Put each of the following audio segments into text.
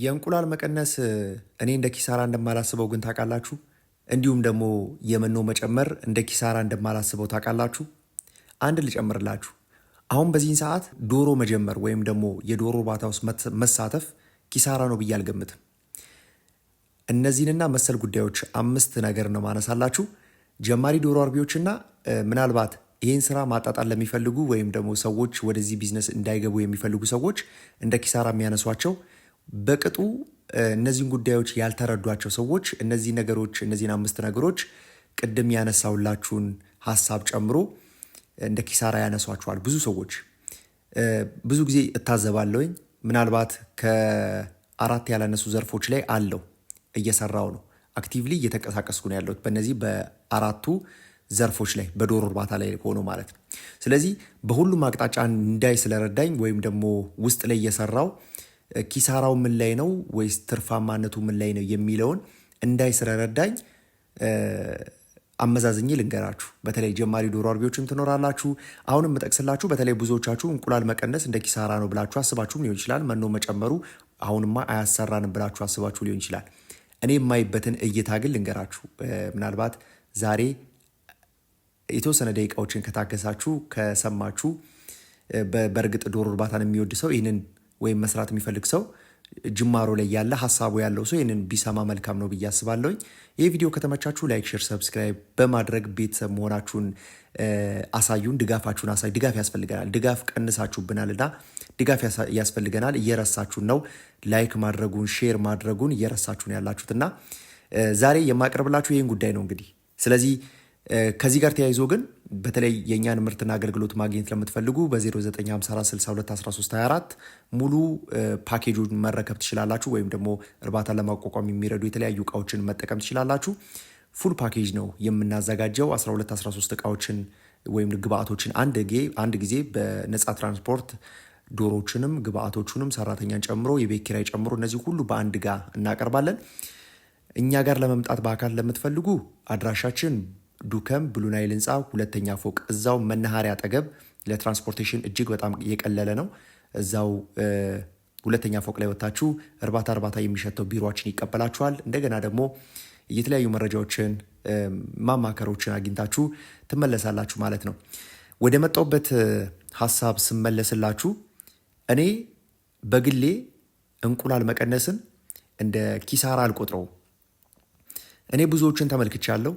የእንቁላል መቀነስ እኔ እንደ ኪሳራ እንደማላስበው ግን ታውቃላችሁ። እንዲሁም ደግሞ የመኖ መጨመር እንደ ኪሳራ እንደማላስበው ታውቃላችሁ። አንድ ልጨምርላችሁ። አሁን በዚህን ሰዓት ዶሮ መጀመር ወይም ደግሞ የዶሮ እርባታ ውስጥ መሳተፍ ኪሳራ ነው ብዬ አልገምትም። እነዚህንና መሰል ጉዳዮች አምስት ነገር ነው ማነሳላችሁ። ጀማሪ ዶሮ አርቢዎችና ምናልባት ይህን ስራ ማጣጣል ለሚፈልጉ ወይም ደግሞ ሰዎች ወደዚህ ቢዝነስ እንዳይገቡ የሚፈልጉ ሰዎች እንደ ኪሳራ የሚያነሷቸው በቅጡ እነዚህን ጉዳዮች ያልተረዷቸው ሰዎች እነዚህ ነገሮች እነዚህን አምስት ነገሮች ቅድም ያነሳውላችሁን ሀሳብ ጨምሮ እንደ ኪሳራ ያነሷቸዋል። ብዙ ሰዎች ብዙ ጊዜ እታዘባለሁኝ። ምናልባት ከአራት ያላነሱ ዘርፎች ላይ አለው እየሰራው ነው አክቲቭሊ እየተንቀሳቀስኩ ነው ያለሁት በእነዚህ በአራቱ ዘርፎች ላይ በዶሮ እርባታ ላይ ሆኖ ማለት ነው። ስለዚህ በሁሉም አቅጣጫ እንዳይ ስለረዳኝ ወይም ደግሞ ውስጥ ላይ እየሰራው ኪሳራው ምን ላይ ነው ወይስ ትርፋማነቱ ምን ላይ ነው የሚለውን እንዳይ ስረረዳኝ አመዛዝኝ ልንገራችሁ። በተለይ ጀማሪ ዶሮ አርቢዎችም ትኖራላችሁ። አሁን የምጠቅስላችሁ በተለይ ብዙዎቻችሁ እንቁላል መቀነስ እንደ ኪሳራ ነው ብላችሁ አስባችሁም ሊሆን ይችላል። መኖ መጨመሩ አሁንማ አያሰራንም ብላችሁ አስባችሁ ሊሆን ይችላል። እኔ የማይበትን እይታ ግን ልንገራችሁ። ምናልባት ዛሬ የተወሰነ ደቂቃዎችን ከታገሳችሁ ከሰማችሁ፣ በእርግጥ ዶሮ እርባታን የሚወድ ሰው ይህንን ወይም መስራት የሚፈልግ ሰው ጅማሮ ላይ ያለ ሀሳቡ ያለው ሰው ይህንን ቢሰማ መልካም ነው ብዬ አስባለሁኝ። ይህ ቪዲዮ ከተመቻችሁ ላይክ፣ ሼር፣ ሰብስክራይብ በማድረግ ቤተሰብ መሆናችሁን አሳዩን። ድጋፋችሁን አሳዩ። ድጋፍ ያስፈልገናል። ድጋፍ ቀንሳችሁብናልና ድጋፍ ያስፈልገናል። እየረሳችሁን ነው። ላይክ ማድረጉን ሼር ማድረጉን እየረሳችሁን ያላችሁትና ዛሬ የማቀርብላችሁ ይህን ጉዳይ ነው እንግዲህ ስለዚህ ከዚህ ጋር ተያይዞ ግን በተለይ የእኛን ምርትና አገልግሎት ማግኘት ለምትፈልጉ በ0954621324 ሙሉ ፓኬጁን መረከብ ትችላላችሁ። ወይም ደግሞ እርባታ ለማቋቋም የሚረዱ የተለያዩ እቃዎችን መጠቀም ትችላላችሁ። ፉል ፓኬጅ ነው የምናዘጋጀው 1213 እቃዎችን ወይም ግብአቶችን አንድ ጊዜ በነፃ ትራንስፖርት ዶሮችንም ግብአቶቹንም ሰራተኛን ጨምሮ የቤት ኪራይ ጨምሮ እነዚህ ሁሉ በአንድ ጋ እናቀርባለን። እኛ ጋር ለመምጣት በአካል ለምትፈልጉ አድራሻችን ዱከም ብሉናይል ህንፃ ሁለተኛ ፎቅ እዛው መናኸሪያ አጠገብ ለትራንስፖርቴሽን እጅግ በጣም የቀለለ ነው። እዛው ሁለተኛ ፎቅ ላይ ወታችሁ እርባታ እርባታ የሚሸተው ቢሮችን ይቀበላችኋል። እንደገና ደግሞ የተለያዩ መረጃዎችን ማማከሮችን አግኝታችሁ ትመለሳላችሁ ማለት ነው። ወደ መጣሁበት ሀሳብ ስመለስላችሁ እኔ በግሌ እንቁላል መቀነስን እንደ ኪሳራ አልቆጥረውም። እኔ ብዙዎችን ተመልክቻለሁ።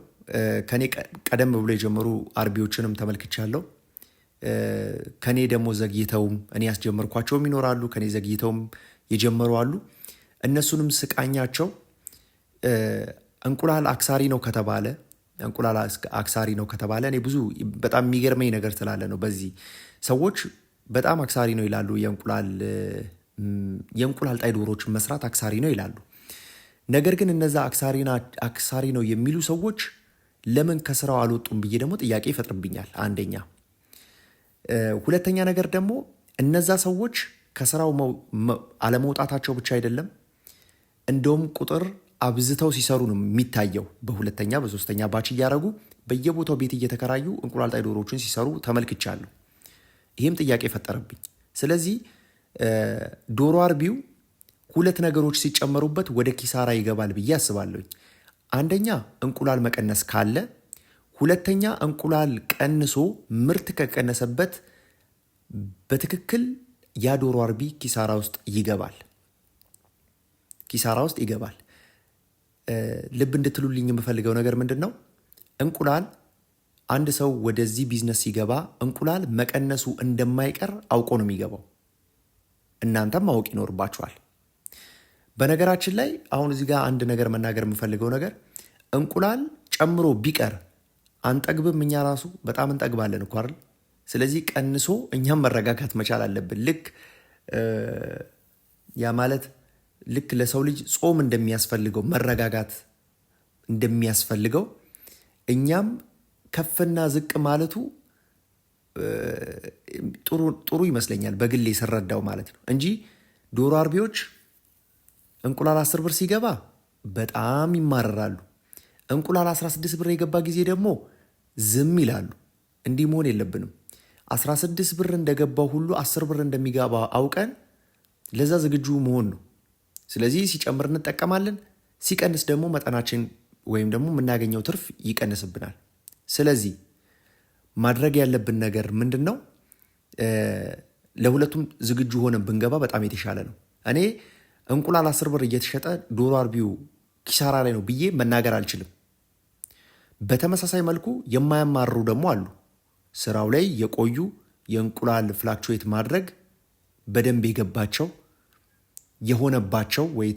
ከኔ ቀደም ብሎ የጀመሩ አርቢዎችንም ተመልክቻለሁ። ከኔ ደግሞ ዘግይተውም እኔ ያስጀመርኳቸውም ይኖራሉ። ከኔ ዘግይተውም የጀመሩ አሉ። እነሱንም ስቃኛቸው እንቁላል አክሳሪ ነው ከተባለ እንቁላል አክሳሪ ነው ከተባለ እኔ ብዙ በጣም የሚገርመኝ ነገር ስላለ ነው። በዚህ ሰዎች በጣም አክሳሪ ነው ይላሉ። የእንቁላል የእንቁላል ጣይ ዶሮዎችን መስራት አክሳሪ ነው ይላሉ። ነገር ግን እነዛ አክሳሪ ነው የሚሉ ሰዎች ለምን ከስራው አልወጡም ብዬ ደግሞ ጥያቄ ይፈጥርብኛል። አንደኛ። ሁለተኛ ነገር ደግሞ እነዛ ሰዎች ከስራው አለመውጣታቸው ብቻ አይደለም፣ እንደውም ቁጥር አብዝተው ሲሰሩ ነው የሚታየው። በሁለተኛ በሶስተኛ ባች እያደረጉ በየቦታው ቤት እየተከራዩ ጣይ ዶሮዎችን ሲሰሩ ተመልክቻለሁ። ይህም ጥያቄ ፈጠረብኝ። ስለዚህ ዶሮ አርቢው ሁለት ነገሮች ሲጨመሩበት ወደ ኪሳራ ይገባል ብዬ አስባለሁኝ። አንደኛ እንቁላል መቀነስ ካለ፣ ሁለተኛ እንቁላል ቀንሶ ምርት ከቀነሰበት በትክክል ያ አርቢ ኪሳራ ውስጥ ይገባል ኪሳራ ውስጥ ይገባል። ልብ እንድትሉልኝ የምፈልገው ነገር ምንድን ነው? እንቁላል አንድ ሰው ወደዚህ ቢዝነስ ሲገባ እንቁላል መቀነሱ እንደማይቀር አውቆ ነው የሚገባው። እናንተም ማወቅ ይኖርባችኋል። በነገራችን ላይ አሁን እዚህ ጋር አንድ ነገር መናገር የምፈልገው ነገር እንቁላል ጨምሮ ቢቀር አንጠግብም። እኛ ራሱ በጣም እንጠግባለን እኮ አይደል? ስለዚህ ቀንሶ እኛም መረጋጋት መቻል አለብን። ልክ ያ ማለት ልክ ለሰው ልጅ ጾም እንደሚያስፈልገው መረጋጋት እንደሚያስፈልገው እኛም ከፍና ዝቅ ማለቱ ጥሩ ይመስለኛል፣ በግሌ ስረዳው ማለት ነው እንጂ ዶሮ አርቢዎች እንቁላል 10 ብር ሲገባ በጣም ይማረራሉ። እንቁላል 16 ብር የገባ ጊዜ ደግሞ ዝም ይላሉ። እንዲህ መሆን የለብንም። 16 ብር እንደገባው ሁሉ 10 ብር እንደሚገባ አውቀን ለዛ ዝግጁ መሆን ነው። ስለዚህ ሲጨምር እንጠቀማለን፣ ሲቀንስ ደግሞ መጠናችን ወይም ደግሞ የምናገኘው ትርፍ ይቀንስብናል። ስለዚህ ማድረግ ያለብን ነገር ምንድን ነው? ለሁለቱም ዝግጁ ሆነን ብንገባ በጣም የተሻለ ነው። እኔ እንቁላል አስር ብር እየተሸጠ ዶሮ አርቢው ኪሳራ ላይ ነው ብዬ መናገር አልችልም። በተመሳሳይ መልኩ የማያማርሩ ደግሞ አሉ። ስራው ላይ የቆዩ የእንቁላል ፍላክቹዌት ማድረግ በደንብ የገባቸው የሆነባቸው ወይ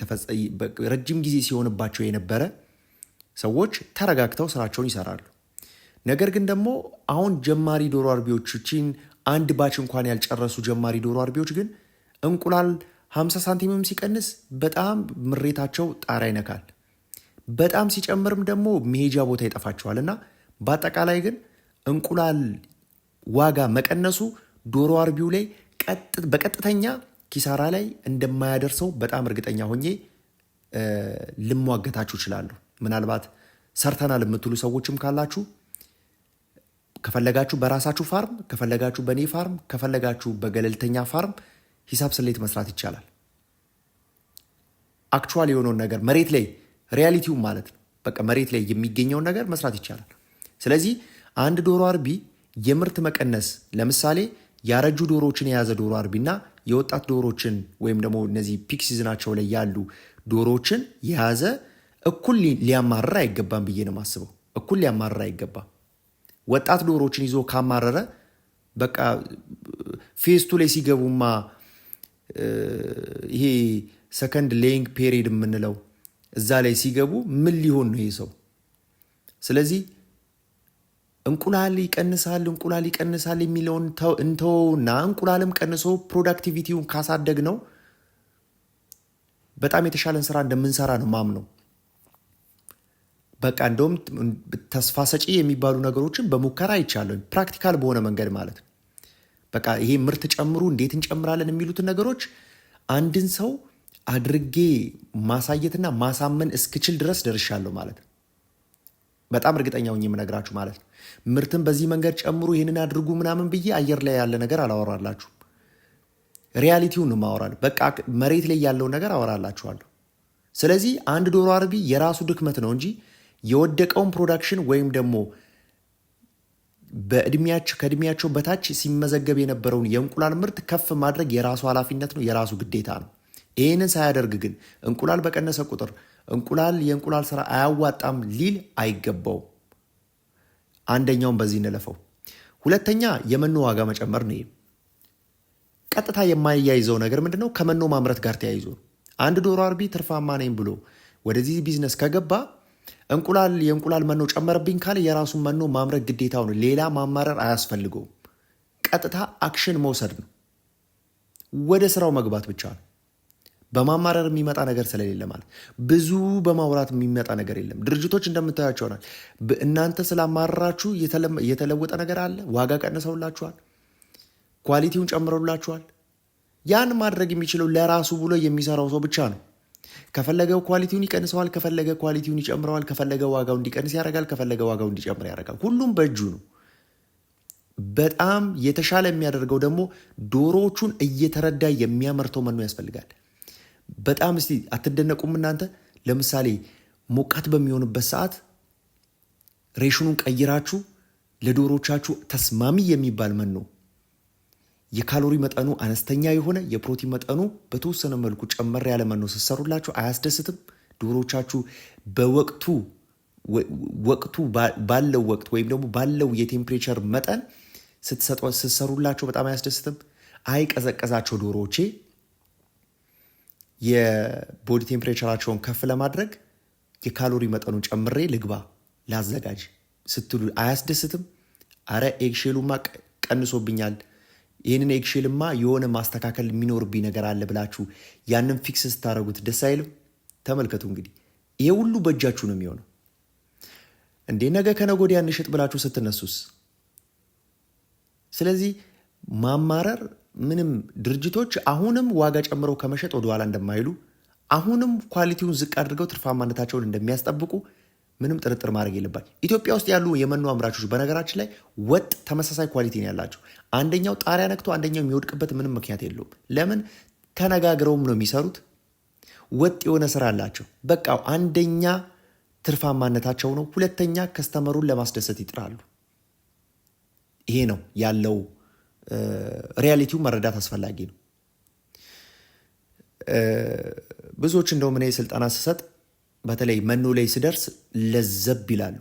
ረጅም ጊዜ ሲሆንባቸው የነበረ ሰዎች ተረጋግተው ስራቸውን ይሰራሉ። ነገር ግን ደግሞ አሁን ጀማሪ ዶሮ አርቢዎችን አንድ ባች እንኳን ያልጨረሱ ጀማሪ ዶሮ አርቢዎች ግን እንቁላል 50 ሳንቲምም ሲቀንስ በጣም ምሬታቸው ጣራ ይነካል። በጣም ሲጨምርም ደግሞ መሄጃ ቦታ ይጠፋቸዋል እና በአጠቃላይ ግን እንቁላል ዋጋ መቀነሱ ዶሮ አርቢው ላይ በቀጥተኛ ኪሳራ ላይ እንደማያደርሰው በጣም እርግጠኛ ሆኜ ልሟገታችሁ እችላለሁ። ምናልባት ሰርተናል የምትሉ ሰዎችም ካላችሁ ከፈለጋችሁ በራሳችሁ ፋርም፣ ከፈለጋችሁ በእኔ ፋርም፣ ከፈለጋችሁ በገለልተኛ ፋርም ሂሳብ ስሌት መስራት ይቻላል። አክቹዋል የሆነውን ነገር መሬት ላይ ሪያሊቲውን ማለት ነው። በቃ መሬት ላይ የሚገኘውን ነገር መስራት ይቻላል። ስለዚህ አንድ ዶሮ አርቢ የምርት መቀነስ ለምሳሌ ያረጁ ዶሮዎችን የያዘ ዶሮ አርቢና የወጣት ዶሮዎችን ወይም ደግሞ እነዚህ ፒክ ሲዝናቸው ላይ ያሉ ዶሮዎችን የያዘ እኩል ሊያማረር አይገባም ብዬ ነው የማስበው። እኩል ሊያማረር አይገባም። ወጣት ዶሮዎችን ይዞ ካማረረ በቃ ፌስቱ ላይ ሲገቡማ ይሄ ሰከንድ ሌይንግ ፔሪድ የምንለው እዛ ላይ ሲገቡ ምን ሊሆን ነው ይሄ ሰው? ስለዚህ እንቁላል ይቀንሳል እንቁላል ይቀንሳል የሚለውን እንተውና እንቁላልም ቀንሶ ፕሮዳክቲቪቲውን ካሳደግ ነው በጣም የተሻለን ስራ እንደምንሰራ ነው ማምነው። በቃ እንደውም ተስፋ ሰጪ የሚባሉ ነገሮችን በሙከራ አይቻለሁ፣ ፕራክቲካል በሆነ መንገድ ማለት ነው። በቃ ይሄ ምርት ጨምሩ፣ እንዴት እንጨምራለን የሚሉትን ነገሮች አንድን ሰው አድርጌ ማሳየትና ማሳመን እስክችል ድረስ ደርሻለሁ ማለት ነው። በጣም እርግጠኛ ሆኜ የምነግራችሁ ማለት ነው። ምርትን በዚህ መንገድ ጨምሩ፣ ይህንን አድርጉ ምናምን ብዬ አየር ላይ ያለ ነገር አላወራላችሁ ሪያሊቲውን ማወራል በቃ መሬት ላይ ያለውን ነገር አወራላችኋለሁ። ስለዚህ አንድ ዶሮ አርቢ የራሱ ድክመት ነው እንጂ የወደቀውን ፕሮዳክሽን ወይም ደግሞ በእድሜያቸው ከእድሜያቸው በታች ሲመዘገብ የነበረውን የእንቁላል ምርት ከፍ ማድረግ የራሱ ኃላፊነት ነው፣ የራሱ ግዴታ ነው። ይህንን ሳያደርግ ግን እንቁላል በቀነሰ ቁጥር እንቁላል የእንቁላል ስራ አያዋጣም ሊል አይገባውም። አንደኛውን በዚህ እንለፈው። ሁለተኛ የመኖ ዋጋ መጨመር ነው። ቀጥታ የማያይዘው ነገር ምንድነው? ከመኖ ማምረት ጋር ተያይዞ አንድ ዶሮ አርቢ ትርፋማ ነኝ ብሎ ወደዚህ ቢዝነስ ከገባ እንቁላል የእንቁላል መኖ ጨመረብኝ ካለ የራሱን መኖ ማምረት ግዴታው ነው። ሌላ ማማረር አያስፈልገውም። ቀጥታ አክሽን መውሰድ ነው። ወደ ስራው መግባት ብቻ ነው። በማማረር የሚመጣ ነገር ስለሌለ ማለት ብዙ በማውራት የሚመጣ ነገር የለም። ድርጅቶች እንደምታያቸው ይሆናል። እናንተ ስላማረራችሁ የተለወጠ ነገር አለ? ዋጋ ቀንሰውላችኋል? ኳሊቲውን ጨምረውላችኋል? ያን ማድረግ የሚችለው ለራሱ ብሎ የሚሰራው ሰው ብቻ ነው። ከፈለገ ኳሊቲውን ይቀንሰዋል፣ ከፈለገ ኳሊቲውን ይጨምረዋል፣ ከፈለገ ዋጋው እንዲቀንስ ያደርጋል፣ ከፈለገ ዋጋው እንዲጨምር ያደርጋል። ሁሉም በእጁ ነው። በጣም የተሻለ የሚያደርገው ደግሞ ዶሮዎቹን እየተረዳ የሚያመርተው መኖ ያስፈልጋል። በጣም እስቲ አትደነቁም እናንተ? ለምሳሌ ሞቃት በሚሆንበት ሰዓት ሬሽኑን ቀይራችሁ ለዶሮቻችሁ ተስማሚ የሚባል መኖ የካሎሪ መጠኑ አነስተኛ የሆነ የፕሮቲን መጠኑ በተወሰነ መልኩ ጨመር ያለ መኖ አያስደስትም? ዶሮቻችሁ በወቅቱ ወቅቱ ባለው ወቅት ወይም ደግሞ ባለው የቴምፕሬቸር መጠን ስትሰሩላቸው በጣም አያስደስትም? አይ ቀዘቀዛቸው ዶሮዎቼ የቦዲ ቴምፕሬቸራቸውን ከፍ ለማድረግ የካሎሪ መጠኑ ጨምሬ ልግባ ላዘጋጅ ስትሉ አያስደስትም? አረ ኤግሼሉማ ቀንሶብኛል ይህንን ኤግሼልማ የሆነ ማስተካከል የሚኖርብኝ ነገር አለ ብላችሁ ያንን ፊክስ ስታደረጉት ደስ አይልም። ተመልከቱ እንግዲህ ይሄ ሁሉ በእጃችሁ ነው የሚሆነው። እንዴ ነገ ከነገ ወዲያ እንሽጥ ብላችሁ ስትነሱስ? ስለዚህ ማማረር ምንም ድርጅቶች አሁንም ዋጋ ጨምረው ከመሸጥ ወደኋላ እንደማይሉ አሁንም ኳሊቲውን ዝቅ አድርገው ትርፋማነታቸውን እንደሚያስጠብቁ ምንም ጥርጥር ማድረግ የለባቸው። ኢትዮጵያ ውስጥ ያሉ የመኖ አምራቾች በነገራችን ላይ ወጥ ተመሳሳይ ኳሊቲ ነው ያላቸው። አንደኛው ጣሪያ ነክቶ አንደኛው የሚወድቅበት ምንም ምክንያት የለውም። ለምን ተነጋግረውም ነው የሚሰሩት። ወጥ የሆነ ስራ አላቸው። በቃ አንደኛ ትርፋማነታቸው ነው፣ ሁለተኛ ከስተመሩን ለማስደሰት ይጥራሉ። ይሄ ነው ያለው ሪያሊቲው መረዳት አስፈላጊ ነው። ብዙዎች እንደውም እኔ ስልጠና ስሰጥ በተለይ መኖ ላይ ስደርስ ለዘብ ይላሉ።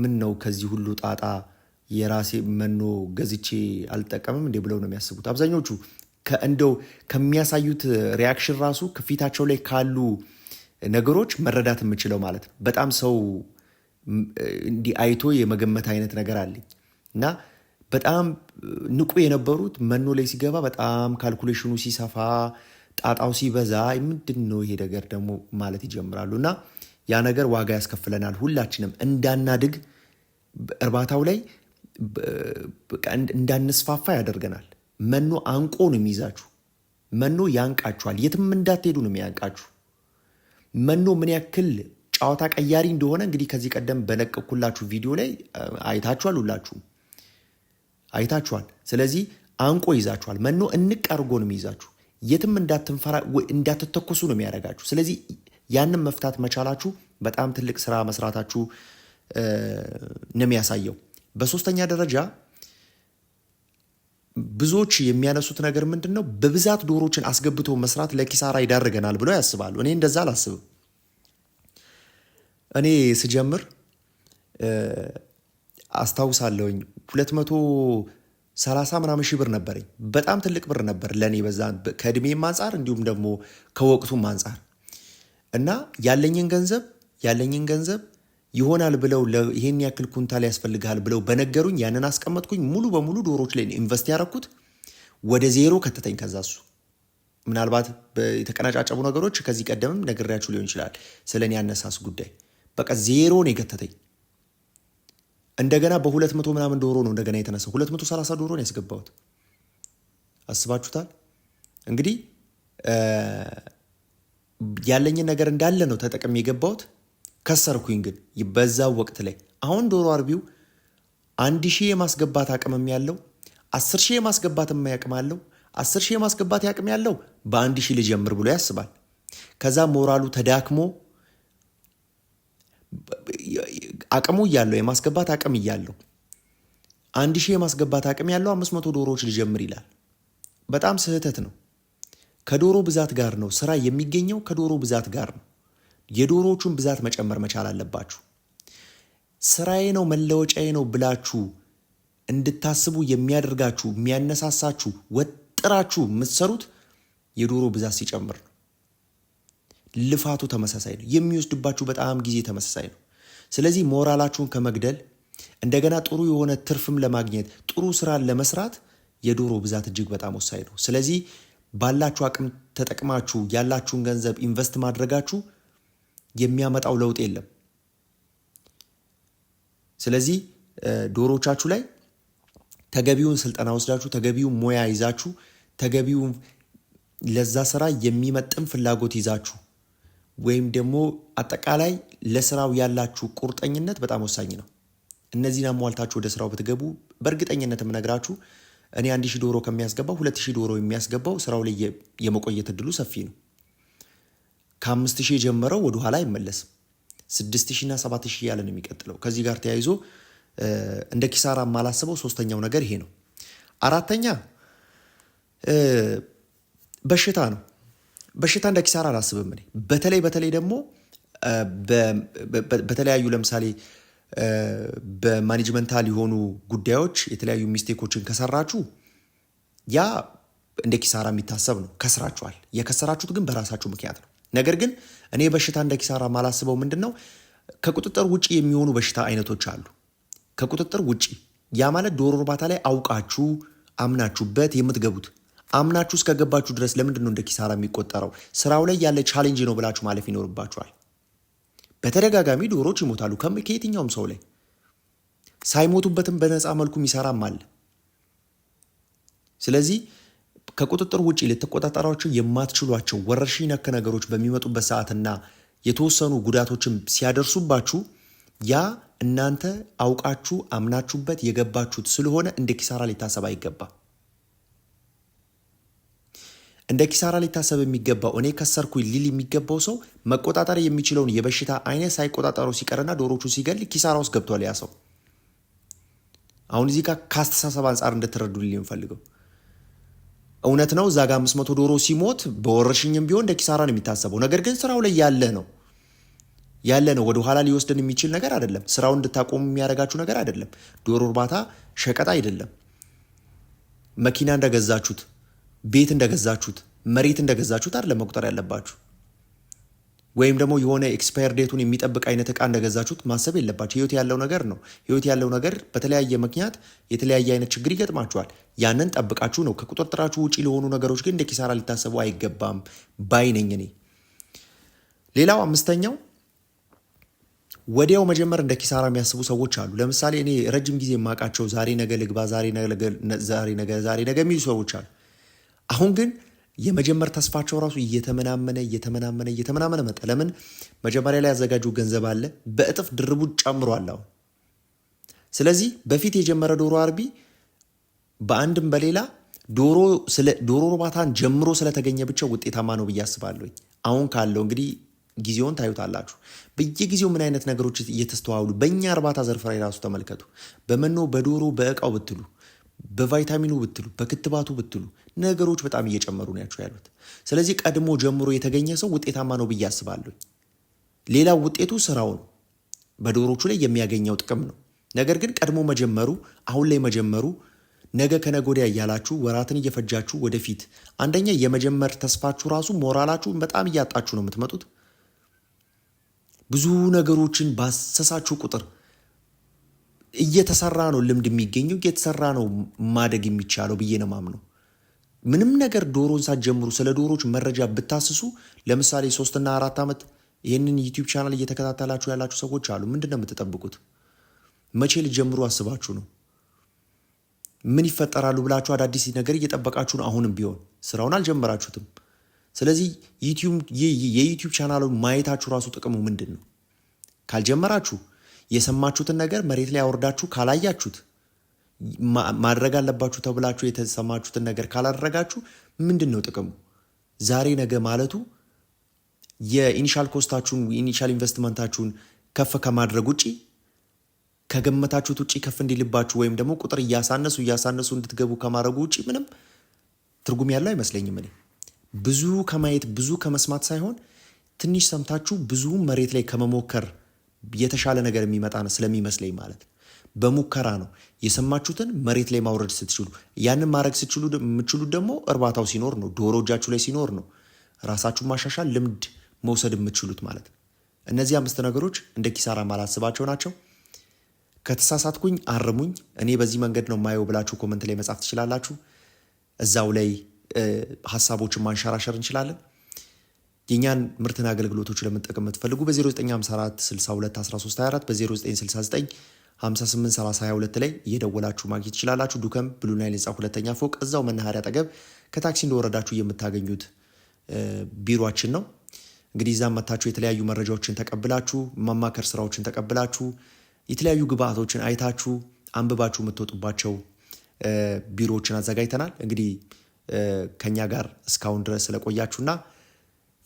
ምን ነው ከዚህ ሁሉ ጣጣ የራሴ መኖ ገዝቼ አልጠቀምም እንዴ ብለው ነው የሚያስቡት አብዛኞቹ። እንደው ከሚያሳዩት ሪያክሽን ራሱ ከፊታቸው ላይ ካሉ ነገሮች መረዳት የምችለው ማለት ነው። በጣም ሰው እንዲህ አይቶ የመገመት አይነት ነገር አለኝ እና በጣም ንቁ የነበሩት መኖ ላይ ሲገባ በጣም ካልኩሌሽኑ ሲሰፋ ጣጣው ሲበዛ ምንድን ነው ይሄ ነገር ደግሞ ማለት ይጀምራሉ እና ያ ነገር ዋጋ ያስከፍለናል። ሁላችንም እንዳናድግ እርባታው ላይ እንዳንስፋፋ ያደርገናል። መኖ አንቆ ነው የሚይዛችሁ። መኖ ያንቃችኋል። የትም እንዳትሄዱ ነው የሚያንቃችሁ። መኖ ምን ያክል ጨዋታ ቀያሪ እንደሆነ እንግዲህ ከዚህ ቀደም በለቀኩላችሁ ቪዲዮ ላይ አይታችኋል፣ ሁላችሁም አይታችኋል። ስለዚህ አንቆ ይዛችኋል። መኖ እንቅ አድርጎ ነው የሚይዛችሁ። የትም እንዳትንፈራ እንዳትተኮሱ ነው የሚያደርጋችሁ። ስለዚህ ያንን መፍታት መቻላችሁ በጣም ትልቅ ስራ መስራታችሁ ነው የሚያሳየው። በሶስተኛ ደረጃ ብዙዎች የሚያነሱት ነገር ምንድን ነው? በብዛት ዶሮችን አስገብቶ መስራት ለኪሳራ ይዳርገናል ብለው ያስባሉ። እኔ እንደዛ አላስብም። እኔ ስጀምር አስታውሳለሁኝ ሁለት መቶ ሰላሳ ምናምን ሺህ ብር ነበረኝ። በጣም ትልቅ ብር ነበር ለእኔ በዛ ከእድሜም አንጻር እንዲሁም ደግሞ ከወቅቱም አንጻር እና ያለኝን ገንዘብ ያለኝን ገንዘብ ይሆናል ብለው ይሄን ያክል ኩንታል ያስፈልግሃል ብለው በነገሩኝ ያንን አስቀመጥኩኝ። ሙሉ በሙሉ ዶሮች ላይ ኢንቨስት ያደረኩት ወደ ዜሮ ከተተኝ። ከዛ እሱ ምናልባት የተቀነጫጨቡ ነገሮች ከዚህ ቀደምም ነግሬያችሁ ሊሆን ይችላል ስለ እኔ ያነሳስ ጉዳይ በቃ ዜሮ ነው የከተተኝ። እንደገና በሁለት መቶ ምናምን ዶሮ ነው እንደገና የተነሳው። ሁለት ዶሮ ነው ያስገባሁት። አስባችሁታል እንግዲህ ያለኝን ነገር እንዳለ ነው ተጠቅም የገባሁት። ከሰርኩኝ ግን በዛው ወቅት ላይ አሁን ዶሮ አርቢው አንድ ሺህ የማስገባት አቅምም ያለው አስር ሺህ የማስገባት ያቅም አለው አስር ሺህ የማስገባት ያቅም ያለው በአንድ ሺህ ልጀምር ብሎ ያስባል። ከዛ ሞራሉ ተዳክሞ አቅሙ እያለው የማስገባት አቅም እያለው አንድ ሺህ የማስገባት አቅም ያለው አምስት መቶ ዶሮዎች ልጀምር ይላል። በጣም ስህተት ነው። ከዶሮ ብዛት ጋር ነው ስራ የሚገኘው፣ ከዶሮ ብዛት ጋር ነው። የዶሮዎቹን ብዛት መጨመር መቻል አለባችሁ። ስራዬ ነው መለወጫዬ ነው ብላችሁ እንድታስቡ የሚያደርጋችሁ የሚያነሳሳችሁ፣ ወጥራችሁ የምትሰሩት የዶሮ ብዛት ሲጨምር ነው። ልፋቱ ተመሳሳይ ነው። የሚወስድባችሁ በጣም ጊዜ ተመሳሳይ ነው። ስለዚህ ሞራላችሁን ከመግደል እንደገና ጥሩ የሆነ ትርፍም ለማግኘት ጥሩ ስራን ለመስራት የዶሮ ብዛት እጅግ በጣም ወሳኝ ነው። ስለዚህ ባላችሁ አቅም ተጠቅማችሁ ያላችሁን ገንዘብ ኢንቨስት ማድረጋችሁ የሚያመጣው ለውጥ የለም። ስለዚህ ዶሮቻችሁ ላይ ተገቢውን ስልጠና ወስዳችሁ ተገቢውን ሙያ ይዛችሁ ተገቢውን ለዛ ስራ የሚመጥን ፍላጎት ይዛችሁ ወይም ደግሞ አጠቃላይ ለስራው ያላችሁ ቁርጠኝነት በጣም ወሳኝ ነው። እነዚህን አሟልታችሁ ወደ ስራው ብትገቡ በእርግጠኝነት የምነግራችሁ እኔ አንድ ሺህ ዶሮ ከሚያስገባው ሁለት ሺህ ዶሮ የሚያስገባው ስራው ላይ የመቆየት እድሉ ሰፊ ነው። ከአምስት ሺህ የጀመረው ወደ ኋላ አይመለስም። ስድስት ሺህ እና ሰባት ሺህ ያለ ነው የሚቀጥለው። ከዚህ ጋር ተያይዞ እንደ ኪሳራ የማላስበው ሶስተኛው ነገር ይሄ ነው። አራተኛ በሽታ ነው። በሽታ እንደ ኪሳራ አላስብም እኔ በተለይ በተለይ ደግሞ በተለያዩ ለምሳሌ በማኔጅመንታል የሆኑ ጉዳዮች የተለያዩ ሚስቴኮችን ከሰራችሁ ያ እንደ ኪሳራ የሚታሰብ ነው። ከስራችኋል። የከሰራችሁት ግን በራሳችሁ ምክንያት ነው። ነገር ግን እኔ በሽታ እንደ ኪሳራ ማላስበው ምንድን ነው ከቁጥጥር ውጭ የሚሆኑ በሽታ አይነቶች አሉ። ከቁጥጥር ውጭ ያ ማለት ዶሮ እርባታ ላይ አውቃችሁ አምናችሁበት የምትገቡት አምናችሁ እስከገባችሁ ድረስ ለምንድን ነው እንደ ኪሳራ የሚቆጠረው? ስራው ላይ ያለ ቻሌንጅ ነው ብላችሁ ማለፍ ይኖርባችኋል። በተደጋጋሚ ዶሮች ይሞታሉ ከየትኛውም ሰው ላይ ሳይሞቱበትም በነፃ መልኩ የሚሰራም አለ። ስለዚህ ከቁጥጥር ውጭ ልትቆጣጠሯቸው የማትችሏቸው ወረርሽኝ ነክ ነገሮች በሚመጡበት ሰዓትና የተወሰኑ ጉዳቶችም ሲያደርሱባችሁ ያ እናንተ አውቃችሁ አምናችሁበት የገባችሁት ስለሆነ እንደ ኪሳራ ሊታሰብ አይገባም። እንደ ኪሳራ ሊታሰብ የሚገባው እኔ ከሰርኩኝ ሊል የሚገባው ሰው መቆጣጠር የሚችለውን የበሽታ አይነት ሳይቆጣጠረው ሲቀርና ዶሮቹ ሲገል ኪሳራ ውስጥ ገብቷል ያ ሰው። አሁን እዚህ ጋር ከአስተሳሰብ አንጻር እንድትረዱ ልል የምፈልገው እውነት ነው። እዛ ጋ አምስት መቶ ዶሮ ሲሞት በወረርሽኝም ቢሆን እንደ ኪሳራ ነው የሚታሰበው። ነገር ግን ስራው ላይ ያለ ነው ያለ ነው ወደ ኋላ ሊወስድን የሚችል ነገር አይደለም። ስራው እንድታቆሙ የሚያደርጋችሁ ነገር አይደለም። ዶሮ እርባታ ሸቀጥ አይደለም። መኪና እንደገዛችሁት ቤት እንደገዛችሁት መሬት እንደገዛችሁት አይደለም መቁጠር ያለባችሁ። ወይም ደግሞ የሆነ ኤክስፓየር ዴቱን የሚጠብቅ አይነት እቃ እንደገዛችሁት ማሰብ የለባችሁ። ህይወት ያለው ነገር ነው። ህይወት ያለው ነገር በተለያየ ምክንያት የተለያየ አይነት ችግር ይገጥማችኋል። ያንን ጠብቃችሁ ነው። ከቁጥጥራችሁ ውጪ ለሆኑ ነገሮች ግን እንደ ኪሳራ ሊታሰቡ አይገባም ባይ ነኝ እኔ። ሌላው አምስተኛው ወዲያው መጀመር እንደ ኪሳራ የሚያስቡ ሰዎች አሉ። ለምሳሌ እኔ ረጅም ጊዜ የማውቃቸው ዛሬ ነገ ልግባ፣ ዛሬ ነገ ዛሬ ነገ የሚሉ ሰዎች አሉ። አሁን ግን የመጀመር ተስፋቸው ራሱ እየተመናመነ እየተመናመነ እየተመናመነ መጠ ለምን መጀመሪያ ላይ ያዘጋጁ ገንዘብ አለ፣ በእጥፍ ድርቡ ጨምሯል አሁን። ስለዚህ በፊት የጀመረ ዶሮ አርቢ በአንድም በሌላ ዶሮ እርባታን ጀምሮ ስለተገኘ ብቻ ውጤታማ ነው ብዬ አስባለሁኝ። አሁን ካለው እንግዲህ ጊዜውን ታዩታላችሁ። በየጊዜው ምን አይነት ነገሮች እየተስተዋሉ በእኛ እርባታ ዘርፍ ላይ ራሱ ተመልከቱ። በመኖ በዶሮ በእቃው ብትሉ በቫይታሚኑ ብትሉ በክትባቱ ብትሉ ነገሮች በጣም እየጨመሩ ናቸው ያሉት። ስለዚህ ቀድሞ ጀምሮ የተገኘ ሰው ውጤታማ ነው ብዬ አስባለሁ። ሌላው ውጤቱ ስራው ነው፣ በዶሮቹ ላይ የሚያገኘው ጥቅም ነው። ነገር ግን ቀድሞ መጀመሩ፣ አሁን ላይ መጀመሩ፣ ነገ ከነገ ወዲያ እያላችሁ ወራትን እየፈጃችሁ ወደፊት አንደኛ የመጀመር ተስፋችሁ ራሱ ሞራላችሁን በጣም እያጣችሁ ነው የምትመጡት። ብዙ ነገሮችን ባሰሳችሁ ቁጥር እየተሰራ ነው ልምድ የሚገኘው እየተሰራ ነው ማደግ የሚቻለው ብዬ ነው ማምነው። ምንም ነገር ዶሮን ሳትጀምሩ ስለ ዶሮች መረጃ ብታስሱ ለምሳሌ ሶስትና አራት ዓመት ይህንን ዩቲዩብ ቻናል እየተከታተላችሁ ያላችሁ ሰዎች አሉ። ምንድን ነው የምትጠብቁት? መቼ ልጀምሩ አስባችሁ ነው? ምን ይፈጠራሉ ብላችሁ አዳዲስ ነገር እየጠበቃችሁ ነው። አሁንም ቢሆን ስራውን አልጀመራችሁትም። ስለዚህ የዩቲዩብ ቻናሉን ማየታችሁ ራሱ ጥቅሙ ምንድን ነው ካልጀመራችሁ የሰማችሁትን ነገር መሬት ላይ አወርዳችሁ ካላያችሁት ማድረግ አለባችሁ ተብላችሁ የተሰማችሁትን ነገር ካላደረጋችሁ ምንድን ነው ጥቅሙ? ዛሬ ነገ ማለቱ የኢኒሻል ኮስታችሁን ኢኒሻል ኢንቨስትመንታችሁን ከፍ ከማድረግ ውጭ ከገመታችሁት ውጭ ከፍ እንዲልባችሁ ወይም ደግሞ ቁጥር እያሳነሱ እያሳነሱ እንድትገቡ ከማድረጉ ውጭ ምንም ትርጉም ያለው አይመስለኝም። እኔ ብዙ ከማየት ብዙ ከመስማት ሳይሆን ትንሽ ሰምታችሁ ብዙ መሬት ላይ ከመሞከር የተሻለ ነገር የሚመጣ ስለሚመስለኝ ማለት ነው። በሙከራ ነው የሰማችሁትን መሬት ላይ ማውረድ ስትችሉ፣ ያንን ማድረግ ስትችሉ የምችሉት ደግሞ እርባታው ሲኖር ነው፣ ዶሮ እጃችሁ ላይ ሲኖር ነው ራሳችሁን ማሻሻል ልምድ መውሰድ የምትችሉት ማለት ነው። እነዚህ አምስት ነገሮች እንደ ኪሳራ ማላስባቸው ናቸው። ከተሳሳትኩኝ አርሙኝ። እኔ በዚህ መንገድ ነው ማየው ብላችሁ ኮመንት ላይ መጻፍ ትችላላችሁ። እዛው ላይ ሀሳቦችን ማንሸራሸር እንችላለን። የእኛን ምርትና አገልግሎቶች ለመጠቀም የምትፈልጉ በ0954 62 በ0969 5832 ላይ እየደወላችሁ ማግኘት ትችላላችሁ። ዱከም ብሉ ናይል ህንፃ ሁለተኛ ፎቅ እዛው መናኸሪያ አጠገብ ከታክሲ እንደወረዳችሁ የምታገኙት ቢሮችን ነው። እንግዲህ እዛም መታችሁ የተለያዩ መረጃዎችን ተቀብላችሁ ማማከር ስራዎችን ተቀብላችሁ የተለያዩ ግብአቶችን አይታችሁ አንብባችሁ የምትወጡባቸው ቢሮዎችን አዘጋጅተናል። እንግዲህ ከኛ ጋር እስካሁን ድረስ ስለቆያችሁና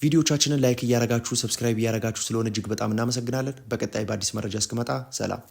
ቪዲዮቻችንን ላይክ እያረጋችሁ ሰብስክራይብ እያረጋችሁ ስለሆነ እጅግ በጣም እናመሰግናለን። በቀጣይ በአዲስ መረጃ እስክመጣ ሰላም።